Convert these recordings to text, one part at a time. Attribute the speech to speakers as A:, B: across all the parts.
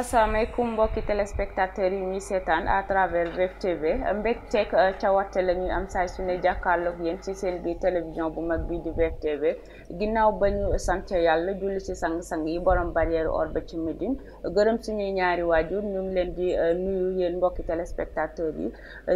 A: asalaamaaleykum mbokki téléspectateurs yi ñuy seetaan à travers VF TV mbégteeg euh, cawarte la ñuy am saa su ne jàkkaarloog yéen ci seen biir télévision bu mag bii di VF TV ginnaaw ba ñu sant yàlla julli ci sang-sang yi borom barrière or ba ci Médine gërëm suñuy ñaari waajur ñu leen di euh, nuyu yéen mbokki téléspectateurs yi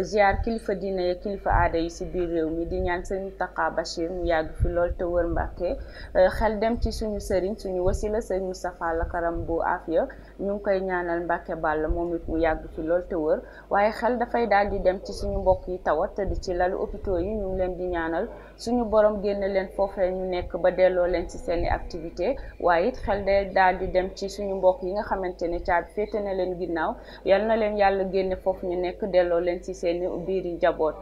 A: ziar kilifa diine ya kilifa aada yi ci biir réew mi di ñaan sëñ Mountakha Bachir mu yàgg fi lool te wër Mbàkke euh, xel dem ci suñu sëriñ suñu wasila sëñ Moustapha Lakaram bu Afia. ñu ngi koy ñaanal Mbàkke Bàll moom it mu yàgg fi lool te wër waaye xel dafay daal di dem ci suñu mbokk yi tawat di ci lalu hôpitaux yi ñu ngi leen di ñaanal suñu boroom génne leen foofee ñu nekk ba delloo leen ci seeni activité waaye xel day daal di dem ci suñu mbokk yi nga xamante ne caabi féete na leen ginnaaw yal na leen yàlla génne foofu ñu nekk delloo leen ci seeni biir yi njaboot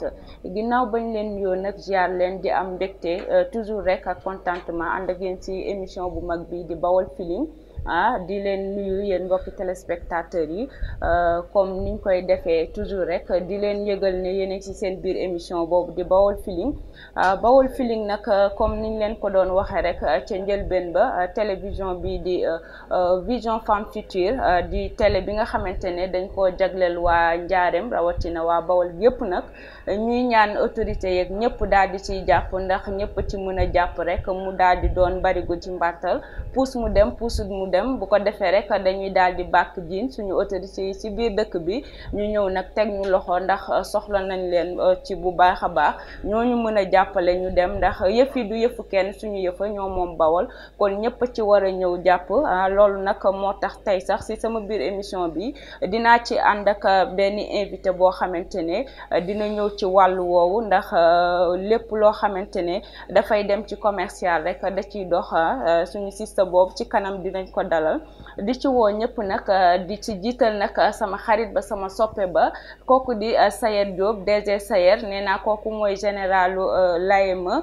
A: ginnaaw bañ leen yoon nag ziar leen di am mbégte euh, toujours rek ak contentement ànd ak yéen ci émission bu mag bi di Baol Feeling ah di leen nuyu yéen mbokki téléspectateurs yi euh, comme niñ koy defee toujours rek di leen yëgal ne yéen a ci seen biir émission boobu di Bawol Feeling ah, Bawol Feeling nag comme niñ leen ko doon waxee rek ci njëlbeen ba télévision bi di euh, euh, Vision Femme Future di télé bi nga xamante ne dañ koo jagleel waa Njaareem rawatina waa Bawol yépp nag ñuy ñaan autorité yeeg ñëpp daal di ciy jàpp ndax ñëpp ci mën a jàpp rek mu daal di doon barigo ci mbàttal puus mu dem puusut dem bu ko defee rek dañuy daal di bàkk jiin suñu autorité yi si biir dëkk bi ñu ñëw nag teg ñu loxo ndax soxla nañ leen euh, ci bu baax a baax ñooñu mën a jàppale ñu dem ndax yëf yi du yëfu kenn suñu yëfa ñoo moom bawal kon ñëpp ci war a ñëw jàpp ah, loolu nag moo tax tey sax si sama biir émission bi dinaa ci ànd ak euh, benn invité boo xamante ne euh, dina ñëw ci wàllu woowu ndax lépp loo xamante ne dafay dem ci commercial rek da ciy ah, suñu système boobu ci kanam dinañ dalal di ci woo ñëpp nag euh, di ci jiital nag sama xarit ba sama soppe ba kooku di euh, Sayer Diop DG Sayer nee naa kooku mooy généralu euh, l'AME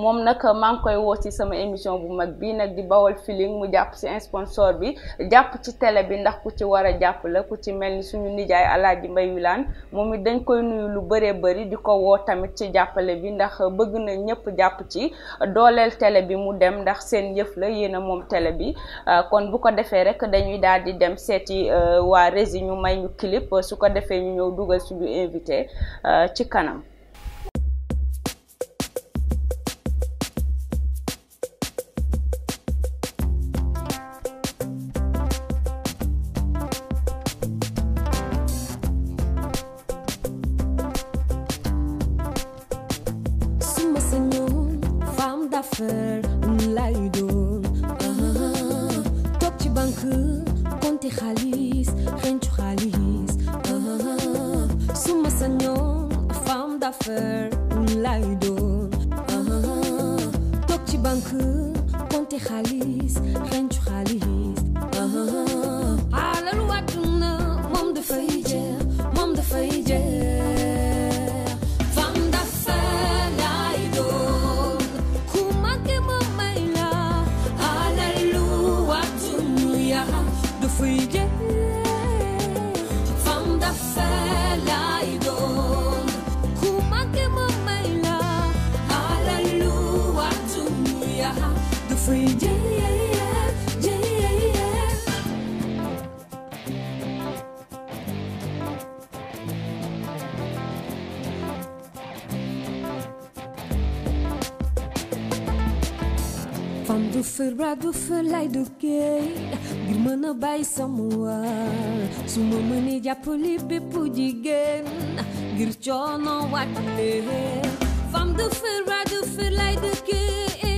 A: moom nag maa ngi koy woo ci sama émission bu mag bi nag di Bawol Feeling mu jàpp ci sponsor bi jàpp ci tele bi ndax ku ci war a jàpp ku ci mel ni suñu nijaay Alaaji Mbay Wilaan moom it dañ koy nuyu lu bëree bëri di ko woo tamit ci jàppale bi ndax bëgg na ñëpp jàpp ci dooleel tele bi mu dem ndax seen yëf la yéen moom tele bi Euh, kon bu ko defee rek dañuy daal di dem seeti euh, waa Rési ñu may ñu clip su ko defee ñu ñëw dugal suñu invité euh, ci kanam
B: free. Yeah, yeah, yeah, yeah, yeah, yeah. Van duffer, bra duffer, lai dukei Girmana bai samua Suma mani japuli be pujigen Girchono watte Van duffer, bra duffer, lai dukei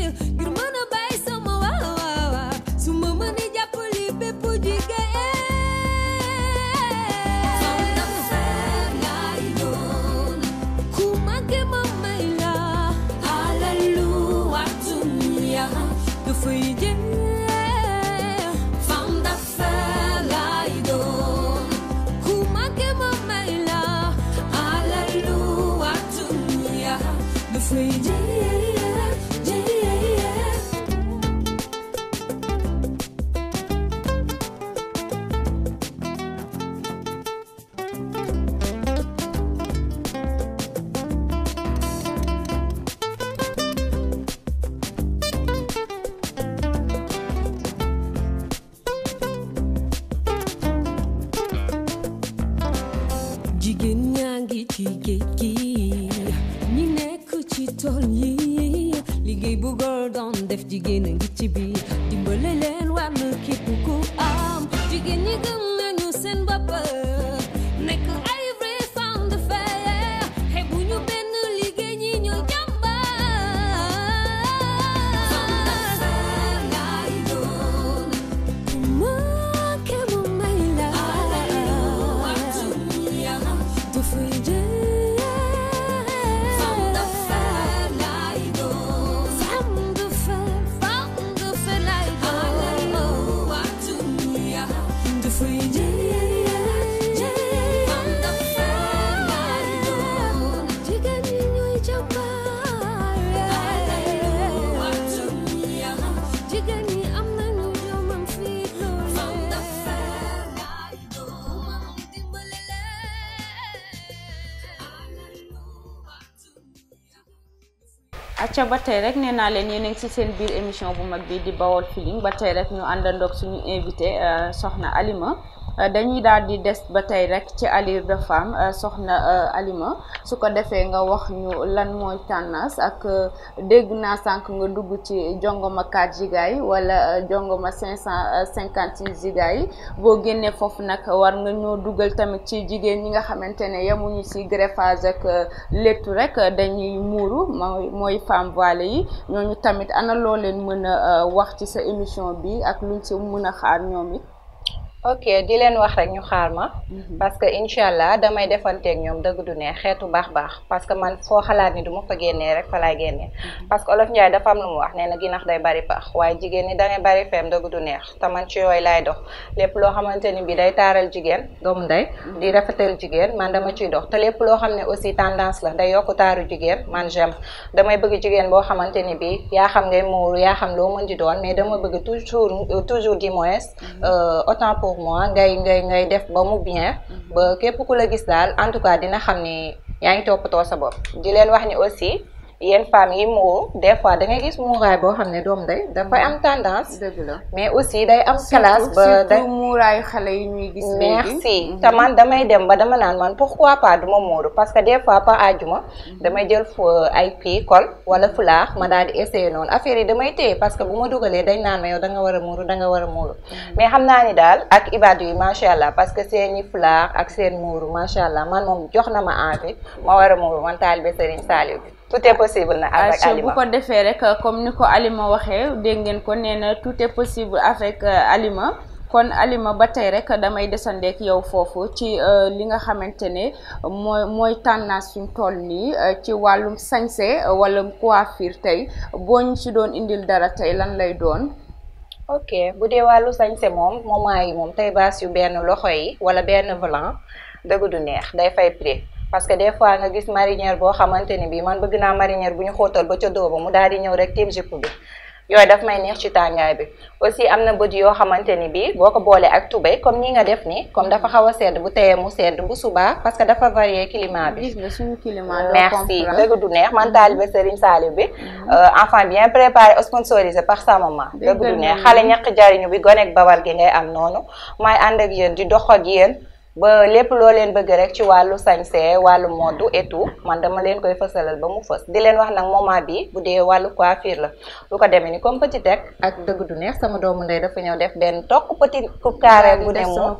B: beginning.
A: acca ba tey rek nee naa leen yéen a ngi ci seen biir émission bu mag bi di Bawol Feeling ba tey rek ñu àndandoog suñu invité euh, soxna aliment Euh, dañuy daal di des ba tey rek ci allure de femme soxna euh, aliment su ko defee nga wax ñu lan mooy tendance ak euh, dégg naa sànq nga dugg ci jongoma 4 giga yi wala jongoma 556 giga yi boo génnee foofu nag war nga ñoo dugal tamit ci jigéen ñi nga xamante ne yemuñu ci greffage ak léttu rek dañuy muuru mooy mooy femme voilée yi ñooñu tamit ana
C: loo leen mën a wax ci sa émission bi ak lu ci mën a xaar ñoom it. ok di leen wax rek ñu xaar ma mhm. parce que inshallah allah damay defanteeg ñoom dëgg du ne xeetu baax baax parce que man foo xalaat ni du ma fa génnee rek fa laay génnee mhm. parce que olof njaay dafa am lu mu wax nee na ginax day bari pax waaye jigéen ni dangay bari feem dëgg du neex te man ci yooyu laay dox lépp loo xamante ni bi day taaral jigéen doomu nday mhm. di rafetal jigéen man dama ciy dox te lépp loo xam ne aussi tendance la day yokk taaru jigéen man j'aime damay bëgg jigéen boo xamante ni bi yaa xam ngay muuru yaa xam loo mën di doon mais dama bëgg toujours toujours di moins euh, autant pour mois ngay ngay ngay def ba mu bien ba képp ku la gis daal en tout cas dina xam ni yaa ngi toppatoo sa bopp di leen wax ni aussi yenn femmes yi muuru des fois da ngay gis muuraay boo xam ne doom day dafay am tendance. dëgg la mais aussi day am classe. ba day surtout muuraayu xale yi ñuy gis. merci mhm. te man damay dem ba dama naan man pourquoi pas du ma muuru parce que des fois pas àjjuma mhm. damay jël ay pii col wala mhm. fulaax ma daal di essayer noonu affaire yi damay téye parce que bu ma dugalee dañ naan ma yow da nga war a muuru da war a muuru mais xam naa ni daal ak ibaadu yi macha allah parce que seeni fulaax ak seen muuru macha allah man moom jox na ma envie ma war a muuru man taalibe tout est possible na avec Alima bu ko
A: defee rek euh, comme ni ko Alima waxee dégg ngeen ko nee na tout est possible avec euh, aliment kon aliment ba tey rek damay desandeek yow foofu ci euh, li nga xamante ne mooy mooy tendance suñ toll nii ci wàllum sañse wala coiffure tey boo ñu ci doon indil dara tey lan lay doon
C: ok bu dee wàllu sañse moom moment yi moom tey baas yu benn loxo yi wala benn volant dëgg du neex day fay prix parce que des fois nga gis marinière boo xamante ni bii man bëgg naa marinière bu ñu xóotal ba ca dooba mu daal di ñëw rek tiim jupe bi yooyu daf may neex ci tàngaay bi aussi am na bët yoo xamante ni bii boo ko boolee ak tubéy comme ni nga def nii comme dafa xaw a sedd bu teyee mu sedd bu subaa parce que dafa varié climat bi. gis nga
A: suñu merci dëgg du
C: neex man taalibe Serigne Saliou bi. Mhm. Euh, enfant bien préparé sponsorisé par sa maman. dëgg du neex xale ñaq jariñu bi gonek bawal gi ngay am noonu. may ànd dox ak ba lepp lo leen bëgg rek ci walu sañsé walu mode et tout man dama leen koy fësalal ba mu fës di leen wax nak moment bi bu dé walu coiffure la lu ko démé ni comme petit tek ak dëgg du neex sama doomu ndey dafa ñëw def ben tok petit coupe carré bu ne moom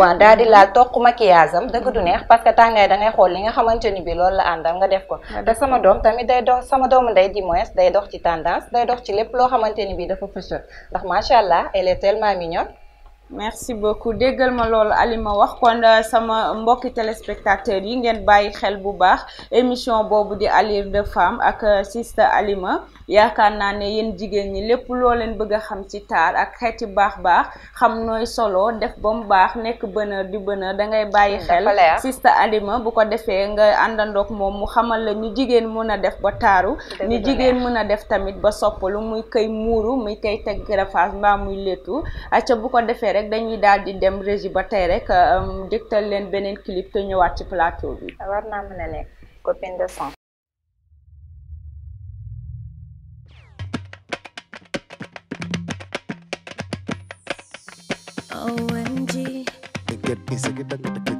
C: wa daal di laal tokk maquillage am dëgg du neex parce que ta ngay da ngay xol li nga xamanteni bi loolu la andal nga def ko da sama doom tamit day dox sama doomu ndey di moins day dox ci tendance day dox ci lepp lo xamanteni bi dafa fësal ndax macha allah elle est tellement mignonne merci beaucoup déggal ma loolu aliment wax kon euh, sama mbokki téléspectateurs yi ngeen bàyyi xel bu
A: baax émission boobu di alire de femme ak euh, sista aliment yaakaar naa ne yéen jigéen ñi lépp loo leen bëgg a xam ci taar ak xeeti baax baax xam nooy solo def ba mu baax nekk bonheur di bonheur da ngay bàyyi xel sista aliment bu ko defee nga àndandoog moom mu xamal la ñu jigéen mën a def ba taaru ñu jigéen mën a def tamit ba sopp lu muy kay muuru muy kay teg greffage mbaa muy léttu acca bu ko defee rek rek dañuy daal di dem régie ba tey rek euh, dégtal leen beneen clip te ñëwaat ci plateau bi.
C: war naa
D: mën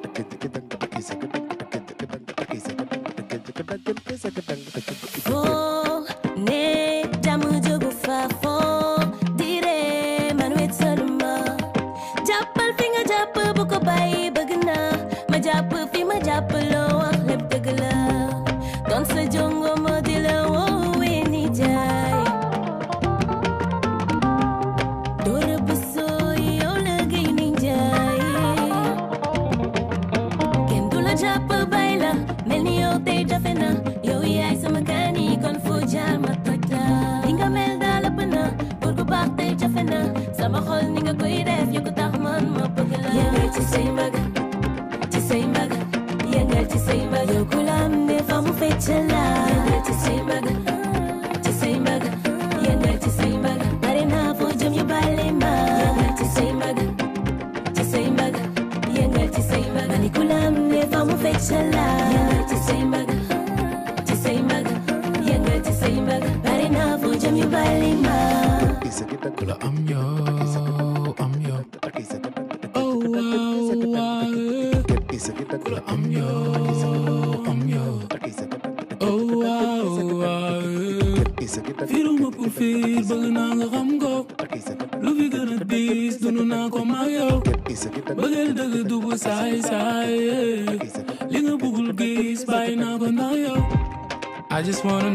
D: 怎么换你个鬼。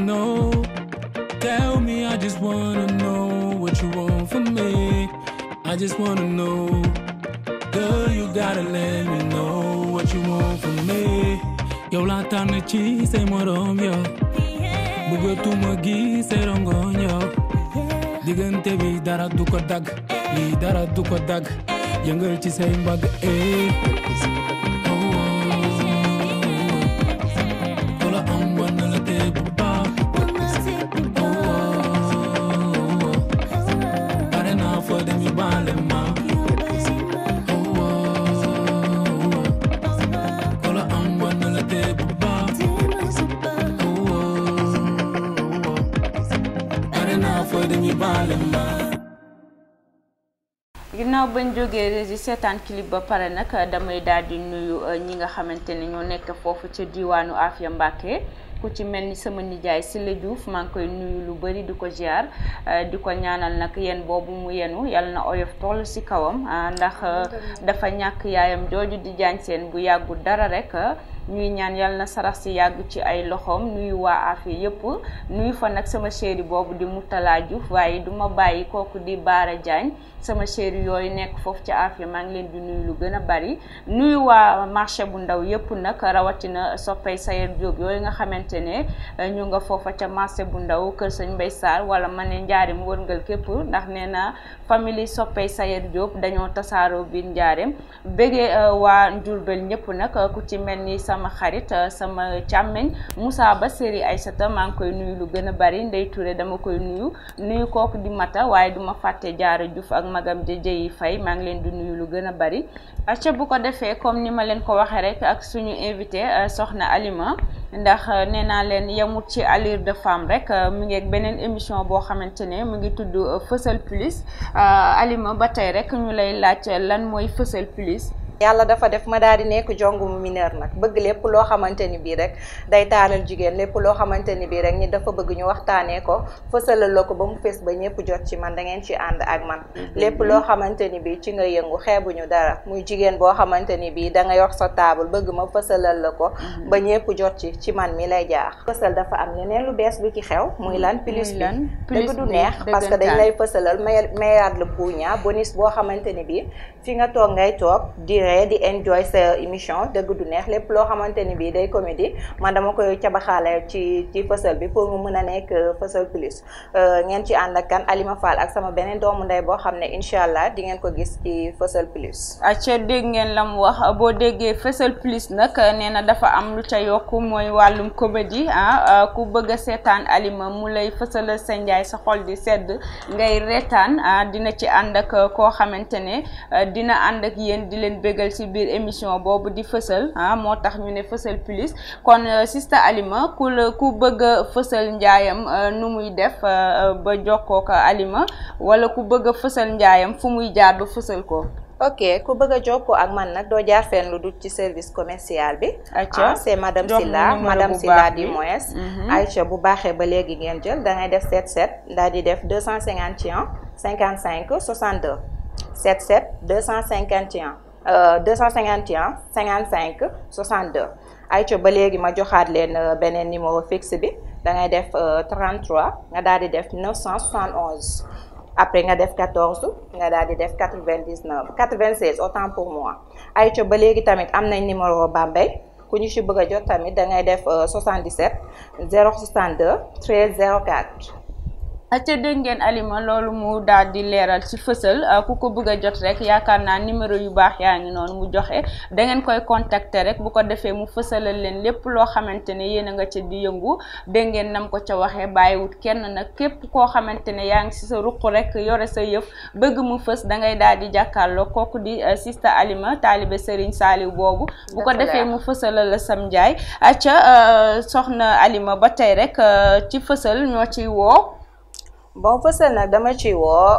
B: know. Tell me, I just wanna know what you want from me. I just wanna know. Girl, you gotta let me know what you want from me. Yo la tane chi se morom yo. Bugo tu magi se rongon yo. Digante bi dara du ko dag. Bi dara du dag. mbag eh.
A: bañ jógee régi seetaan clip ba pare nag damay daal nuyu euh, ñi nga xamante ne ñoo nekk foofu ca diwaanu Afia Mbàkke ku ci mel ni sama nijaay Sile Diouf maa ngi koy nuyu lu bari di ko ziar euh, di ko ñaanal nag yéen boobu mu yenu yàlla na oyof toll ci kawam euh, ndax dafa ñàkk yaayam jooju di jaañ seen bu yàggul dara rekk ñuy ñaan yal na sarax si yàgg ci ay loxoom nuyu waa Afia yëpp nuyu fa nag sama chéri boobu di Moutala Diouf waaye du ma bàyyi kooku di Baara Diagne sama chéri yooyu nekk foofu ci Afia maa ngi leen di nuyu lu gën a bari nuyu waa marché bu ndaw yëpp nag rawatina soppay Sayer Diop yooyu nga xamante ne eh, ñu nga foofa ca marché bu ndaw Kër Sëñ Mbay saal wala ma ne njaari mu wërngal képp ndax nee na famille soppey Sayed Diop dañoo tasaaroo biir njaareem bëggee euh, waa Njurbel ñëpp nag euh, ku ci mel ni sama xarit euh, sama càmmeñ Moussa Ba Seri Aysata maa ngi koy nuyu lu gën a bari Ndey ture dama koy nuyu nuyu kooku di mata waaye duma fàtte Jaara Diouf ak magam jëjëyi fay maa ngi leen di nuyu lu gën a bari acca bu ko defee comme ni ma leen ko waxee rek ak suñu invité soxna Alima ndax euh, nee naa leen yemut ci allure de femme rek euh, mu ngi beneen émission boo xamante ne mu ngi tudd euh,
C: Fësal Plus Alima ba tey rek ñu lay laaj lan mooy Fësal Plus yalla dafa def ma daali neeku nekk jongu mu mineur nak bëgg lepp lo xamanteni bi rek day taaral jigen lepp lo xamanteni bi rek ñi dafa bëgg ñu waxtane ko fësalal la ko ba mu fess ba ñepp jot ci man da ngeen ci and ak man mhm. lepp lo xamanteni bi ci nga yëngu xeebuñu dara muy jigen bo xamanteni bi da nga yor sa table bëgg ma fësalal la ko mhm. ba ñepp jot ci ci man mi lay jaax fësal dafa am ñeneen lu bes lu ci xew muy lan plus lan dëgg du neex parce que dañ lay le bonus bo xamanteni bi fi nga tok ngay tok di dirait di enjoy sa émission dëgg du neex lepp lo xamanteni bi day comédie man dama koy cabaxaale ci ci fessel bi pour mu meuna nek euh, fessel plus plus euh, ngeen ci and ak kan Alima Fall ak sama benen doomu nday bo xamne inshallah di ngeen ko gis ci fessel plus.
A: acca deg ngeen lam wax bo degge fessel plus nak neena na dafa am lu ca yok moy walum comédie ah euh, ku bëgg a Alima mu lay fessel sa sa xol di sedd ngay retane ah, dina ci and ak ko xamantene dina and ak yeen di len bëgg bégal ci biir émission boobu di fësal ah moo tax ñu ne fësal plus kon euh, sista Alima ku la ku bëgg a fësal njaayam euh, nu muy def euh, ba jokkoo ko Alima
C: wala ku bëgg a fësal njaayam fu muy jaar ba fësal ko. ok ku bëgg a jokkoo ak man nag doo jaar fenn lu ci service commercial bi. ayca ah, c' est madame Silla madame Silla Di moins. Mhm. ayca bu baaxee ba léegi ngeen jël da ngay def 77 daal di def 251 55 62 77 251. 251 55 62 aïcho ba léegi ma joxat len euh, benen numéro fixe bi da ngay 33 euh, nga daldi 971 après nga def 14 nga daldi 99 96 autant pour moi aïcho ba léegi tamit am numéro Bambey ku ñu ci bëgg jot tamit 77 062 1304
A: acca ah, dégg ngeen alima loolu mu daal di leeral ci fësal ah, ku ko bëgg a jot rek yaakaar naa numéro yu baax yaa ngi noonu mu joxe da ngeen koy contacter rek bu ko defee mu fësalal leen lépp loo xamante ne yéen a nga ca di yëngu dégg ngeen nam ko ca waxee bàyyiwut kenn nag képp koo xamante ne yaa ngi si sa ruq yore sa yëf bëgg mu fës da ngay daal di jàkkaarloo kooku di ah, sista alima taalibe Serigne Saliou boobu bu ko defee mu fësalal la sam njaay acca soxna
C: alima ba tey rek ci fësal ñoo ciy woo Bon, fasal sel dama ci woo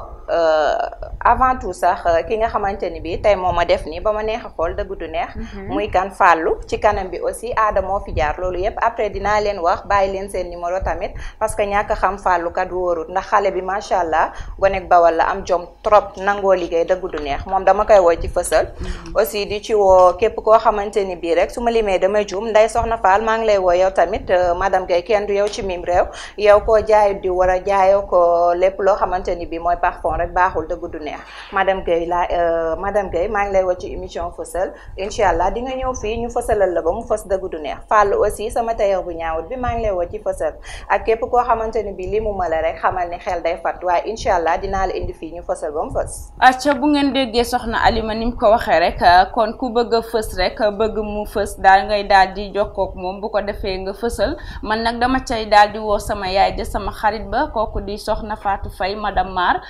C: avant tout sax euh, ki nga xamanteni bi tay moma def ni bama neex xol xool dëgg du neex mhm. muy kan fallu ci kanam bi aussi aada fi jaar loolu yeb après dina len wax bàyyi len sen numéro tamit parce que ñàkk xam kat worut ndax xale bi machallah gonek bawal la am jom trop nango ligay da du neex mom dama koy wo ci fësal mhm. aussi di ci wo kep ko xamanteni bi rek suma limé dama damay nday soxna fall maa lay yow tamit euh, madame gay ken du yow ci mim rew yow ko jaay di wara jaayoko lepp ko xamanteni bi moy parfum rek baxul du neex madame Guèye laa euh, madame Guèye lay woo ci émission fësal incha allah di nga ñëw fii ñu fësalal la ba mu fës dëgg du neex Fall aussi sama tailleur bu ñaawut bi maa lay woo ci fësal ak képp koo xamante ni bi li mu ma la rek xamal ni xel day fat waaye incha allah dinaa la indi fii ñu fësal ba mu fës
A: acca bu ngeen déggee soxna Alima ni mu ko waxee rek euh, kon ku bëgg a fës rek euh, bëgg mu fës daal ngay daal di jokkook moom bu ko defee nga fësal man nag dama cay daal di woo sama yaay ja sama xarit ba kooku di soxna Fatou Faye madame Mar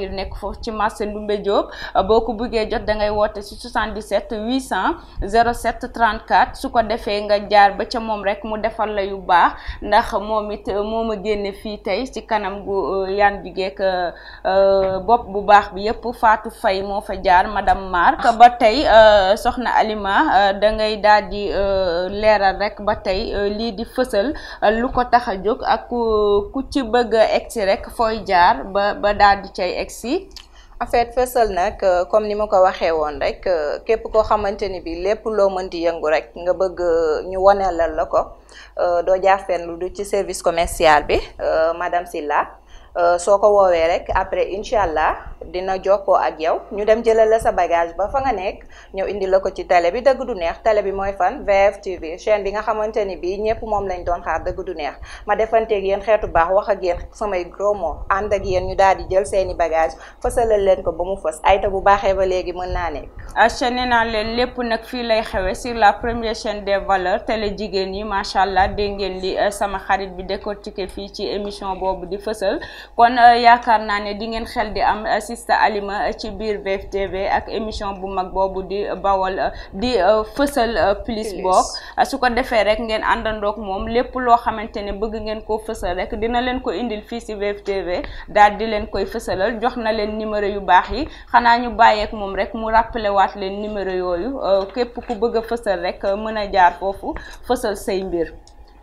A: coiffure nekk foofu ci marché Ndoumbé Diop euh, boo ko buggee jot da ngay woote si 77 800 07 34 su ko defee nga jaar ba ca moom rek mu defal la yu baax ndax moom it euh, moo ma génne fii tey ci kanam gu euh, yaan jugeek bopp bu baax bi yépp Fatou Faye moo fa jaar madame Mar ba tey soxna Alima da ngay daal di leeral rek ba tey lii di fësal lu ko tax a jóg ak ku ci bëgg a egsi rek fooy jaar
C: ba ba daal di cay egg si en fait fesal nag euh, comme ni ma ko waxee woon rek euh, képp koo xamante ni bi lépp loo mën di yëngu rek nga bëgg euh, ñu wonelal la ko doo jaar fenn lu du ci service commercial bi madam Silla Euh, soo ko woowee rek après incha allah dina jokkoo ak yow ñu dem jëlal la sa bagage ba fa nga nekk ñëw indi la ko ci télé bi dëgg du neex télé bi mooy fan VFtv chaîne bi nga xamante ni bii ñëpp moom lañ doon xaar dëgg du neex ma defanteeg yéen xeetu baax wax ak yéen samay gros mots ànd ak yéen ñu daal di jël seeni bagage fësalal leen ko ba mu fës ayta bu baaxee ba léegi mën naa nekk. achète
A: ne naa leen lépp nag fii lay xewee sur la première chaîne de valeurs télé jigéen yi macha allah dégg ngeen li euh, sama xarit bi décortiqué fii ci émission boobu di fësal kon euh, yaakaar naa ne dingeen xel di am euh, sista aliment euh, ci biir VFTV ak émission bu mag boobu di bawal di fësal plus boog su ko defee rek ngeen àndandoog moom lépp loo xamante ne bëgg ngeen koo fësal rek dina leen ko indil fii si VFTV daal di leen koy fësalal jox na leen numéro yu baax yi xanaa ñu bàyyeek moom rek mu rappelé leen numéro yooyu képp ku bëgg a fësal rek mën a jaar foofu fësal say mbir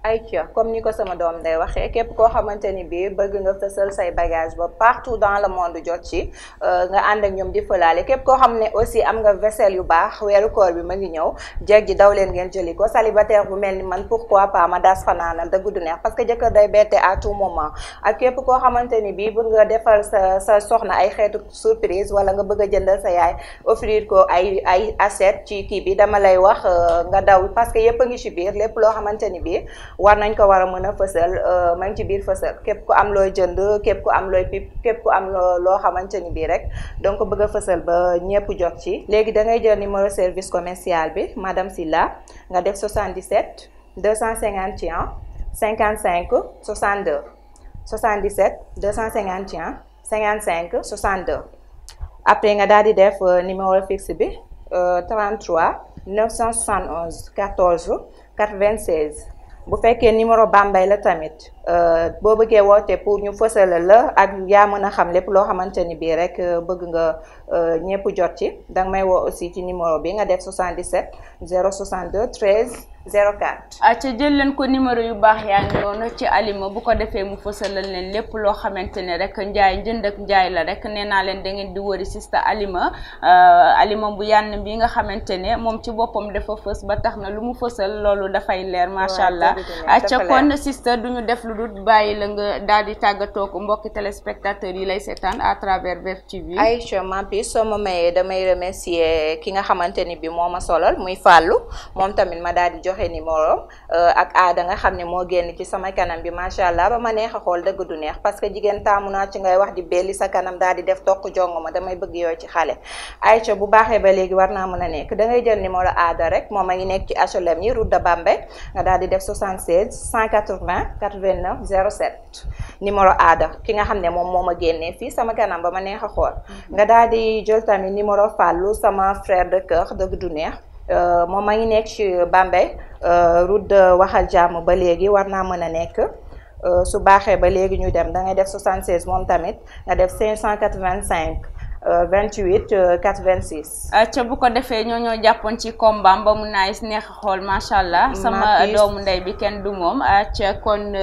C: ay ca comme ni ko sama doom day waxee képp koo xamante ni bii bëgg nga fësal say bagage ba partout dans le monde jot ci euh, nga ànd ak ñoom di fëlaale képp koo xam ne aussi am nga vaisselle yu baax weeru koor bi ma ngi ñëw jeeg ji daw leen ngeen jëli ko célibataire bu mel ni man pourquoi pas ma daas fanaanal dëgg du neex parce que jëkkër day bette à tout moment ak képp koo xamante ni bii bëgg nga defal sa sa soxna ay xeetu surprise wala nga bëgg a jëndal sa yaay offrir ko ay ay assiette ci kii bi dama lay wax euh, nga daw parce que yëpp a ngi ci biir lépp loo xamante ni bii war nañ ko war a mën a fësal euh, ma ngi ci biir fësal képp ku am looy jënd képp ku am looy pip képp ku am loo xamante ni bii rek donc bëgg a fësal ba ñëpp jot ci léegi da ngay jël numéro service commercial bi madame Silla nga def 77 251 55 62 77 251 55 62 après nga daal di def euh, numéro fixe bi 33 971 14 96 bu fekkee numéro Bambey la tamit euh, boo bëggee woote pour ñu fësale la ak yaa mën a xam lépp loo xamante ni bii rek euh, bëgg nga euh, ñëpp jot ci danga may woo aussi ci numéro bi nga def 77 062 13 04. ca
A: ah, jël leen ko numéro yu baax yaa ngi noonu ci alima bu ko defee mu fësalal leen lépp loo xamante ne rek njaay njënd ak njaay la rek nee naa leen da ngeen di wëri sista alima ah, alima bu yànn bi nga xamante ne moom ci boppam dafa fës ba tax na lu mu fësal loolu dafay leer macha allah ah, ca kon
C: sista du ñu def lu dul bàyyi la nga daal di tàggatoo ko mbokki téléspectateurs yi lay seetaan à travers VF TV. Aïcha Mampi soo ma mayee damay remercier ki nga xamante ni bi moo ma solal muy Fallou moom tamit ma daal jox joxe ni morom euh, ak aada nga xamne mo genn ci sama kanam bi machallah ba ma neex xol deug du neex parce que jigen tamuna ci ngay wax di belli sa kanam daal di def tok jongoma damay bëgg yo ci xale ayca bu baxé ba légui warna mëna neek da ngay jël numéro aada rek mo ma ngi neek ci HLM yi route de Bambey nga daal di def 76 180 89 07 numéro aada ki nga xamne mom moma genné fi sama kanam ba ma neex xol nga daal di jël tamit numéro fallu sama frère de cœur deug du neex Euh, moom ma ngi nekk ci Bambey euh, route de waxal jàmm ba léegi war naa mën a nekk euh, su baaxee ba léegi ñu dem da ngay def 76 moom tamit nga def 585. 28 86. ca bu ko defee
A: ñoo ñoo jàppoon ci kombaam ba mu naay neex xool macha allah. sama doomu ndey bi kenn du moom. Ah, ca kon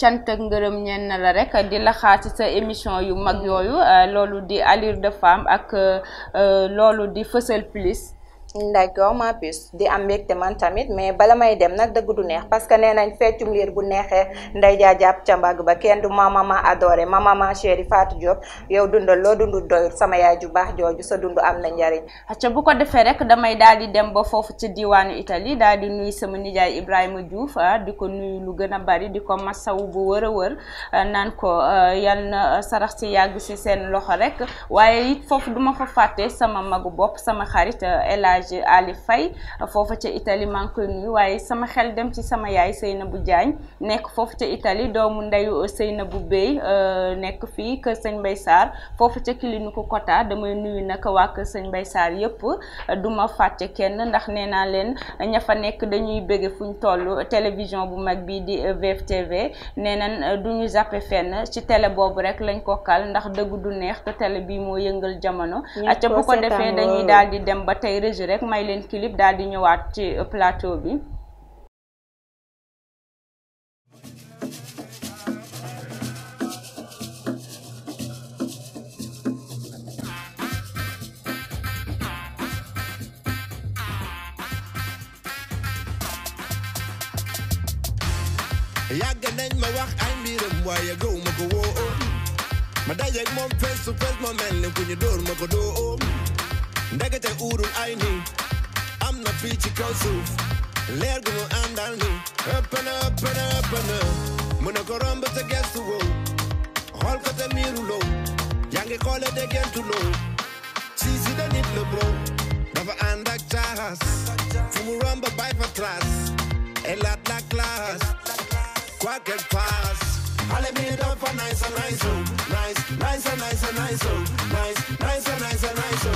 A: cant ak ngërëm ñenn la rek di la sa émission
C: yu mag mm. yooyu ah, loolu di allure de femme ak loolu di fësal plus. d'accord ma bis di am mbégte man tamit mais bala may dem nak deug du neex parce que nenañ nañ feccum bu neexee nday ja japp ca mbag ba kenn du ma mama ma mama chéri Fatou Diop yow dundal lo dund do, sama yaay ju bax joju sa dund am na njariñ acca bu ko
A: defé rek damay dem ba fofu ci diwanu italy daal di sama nijaay Ibrahima Diouf ah, di ko lu gëna bari diko ko bu wër ah, nan ko ah, sarax ci yag ci sen loxo rek waye it duma fa faté sama magu bop sama xarit elage Alaaji Ali Faye foofa ca Italie maa koy nuyu waaye sama xel dem ci sama yaay bu Diagne nekk foofu ca Italie doomu ndeyu Seynabou Bey euh, nekk fii kër sëñ mbay saar foofu ca ko Kota damay nuyu nag waa kër sëñ Mbaye Sarr yëpp du ma fàtte kenn ndax nee naa leen ña fa nekk dañuy bëgge fu ñu toll télévision bu mag bi di VFTV nee nañ euh, du ñu zappe fenn ci télé boobu rek lañ ko kal ndax dëgg du neex te télé bi moo yëngal jamono. ca bu ko defee dañuy rek may leen kilib daal di ñëwaat ci euh, plateau bi
E: yàgg nañ ma wax ay mbiiram waaye gaw ma ko woo ma dajeg moom fes su fes ma mel ni ku ñu dóor ma ko doo oom ndekete urul aini am na fiici kaw suuf leer gu mu àndal ni ëpp na ëpp na ëpp na mën a ko romb te gestu wow xool ko te miiru low yaa ngi xoole de gentu low ci si da nit la bro dafa ànd ak caas fu mu romb bay fa trace et laat la classe quoi qu'elle passe Alle and da von nice and oh. nice nice nice nice oh. nice nice nice nice nice oh.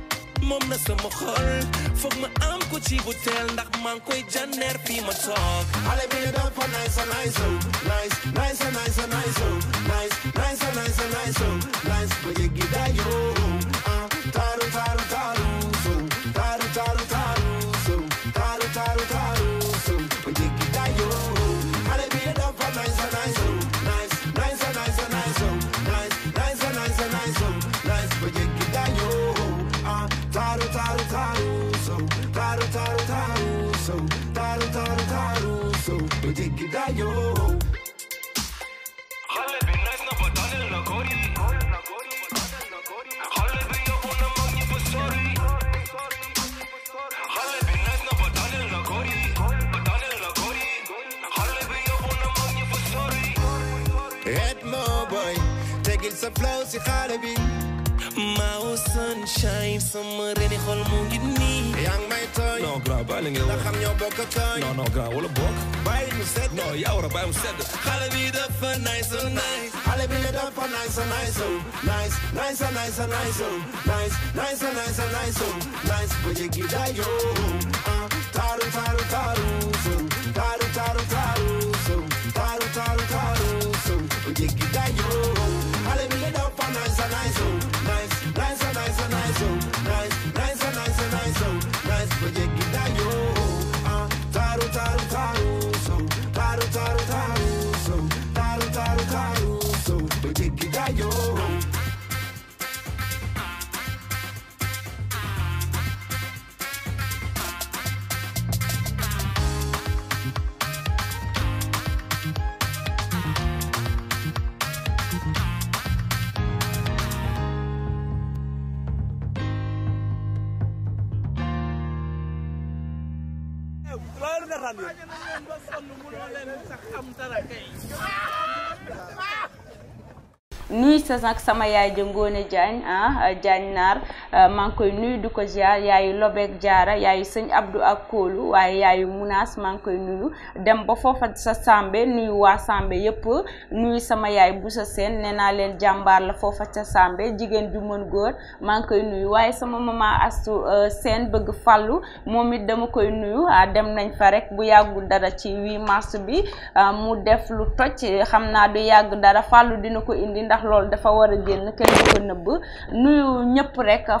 E: moom na sama xol foog ma am ko ci butel ndax maa ngi koy janeer fii ma toog xale bi dafa nice a nice oh nice nice a nice a nice oh nice nice a nice a nice oh nice ba yëggi daay yoo ah taaru taaru taaru gilsa flow si xale bi maa wu sunshine sama reen yi xol mu ngi
C: nii yaa ngi may tooñ non grand bàyyi la ngeen wax xam ñoo bokk tooñ non non grand wala bokk
E: bàyyi mu sedd non yaa war a bàyyi mu sedd xale bi dafa nice so nice xale bi dafa nice so nice so nice nice so nice so nice so nice nice so nice so nice so nice bu jéggi dayoo ah
A: nuy sa nag sama yaay ja Ngoné Diagne ah Diagne Naar Euh, maa ngi koy nuyu du ko ziar yaayu Lobeek Jaara yaayu sëñ Abdou ak Kóolu waaye yaayu Munaas maa ngi koy nuyu dem ba foofa sa Sambe nuyu waa Sambe yëpp nuyu sama yaay Boussa Sène nee naa leen jàmbaar la foofa sa Sambe jigéen ju mën góor maa ngi koy nuyu waaye sama mama Astu euh, seen bëgg fàllu moom it dama koy nuyu ah, dem nañ fa rek bu yàggul dara ci 8 mars bi ah, mu def lu toj xam naa du yàgg dara fàllu dina ko indi ndax loolu dafa war a génn kenn ko nëbb nuyu ñëpp rek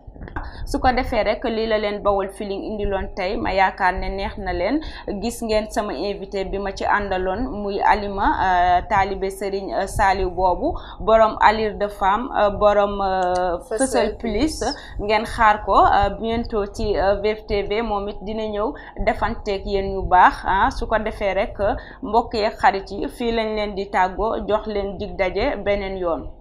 A: su ko defee rek lii la leen Bawol Feeling indiloon tey ma yaakaar ne neex na leen gis ngeen sama invité bi ma ci àndaloon muy Alima euh, taalibe Serigne euh, Saliou boobu borom alir de femme euh, borom fësal plus ngeen xaar ko bientôt ci VFTV moom it dina ñëw defanteeg yéen yu baax ah su ko defee rek mbokk yeeg xarit yi fii lañ leen di tàggoo jox leen dig daje beneen yoon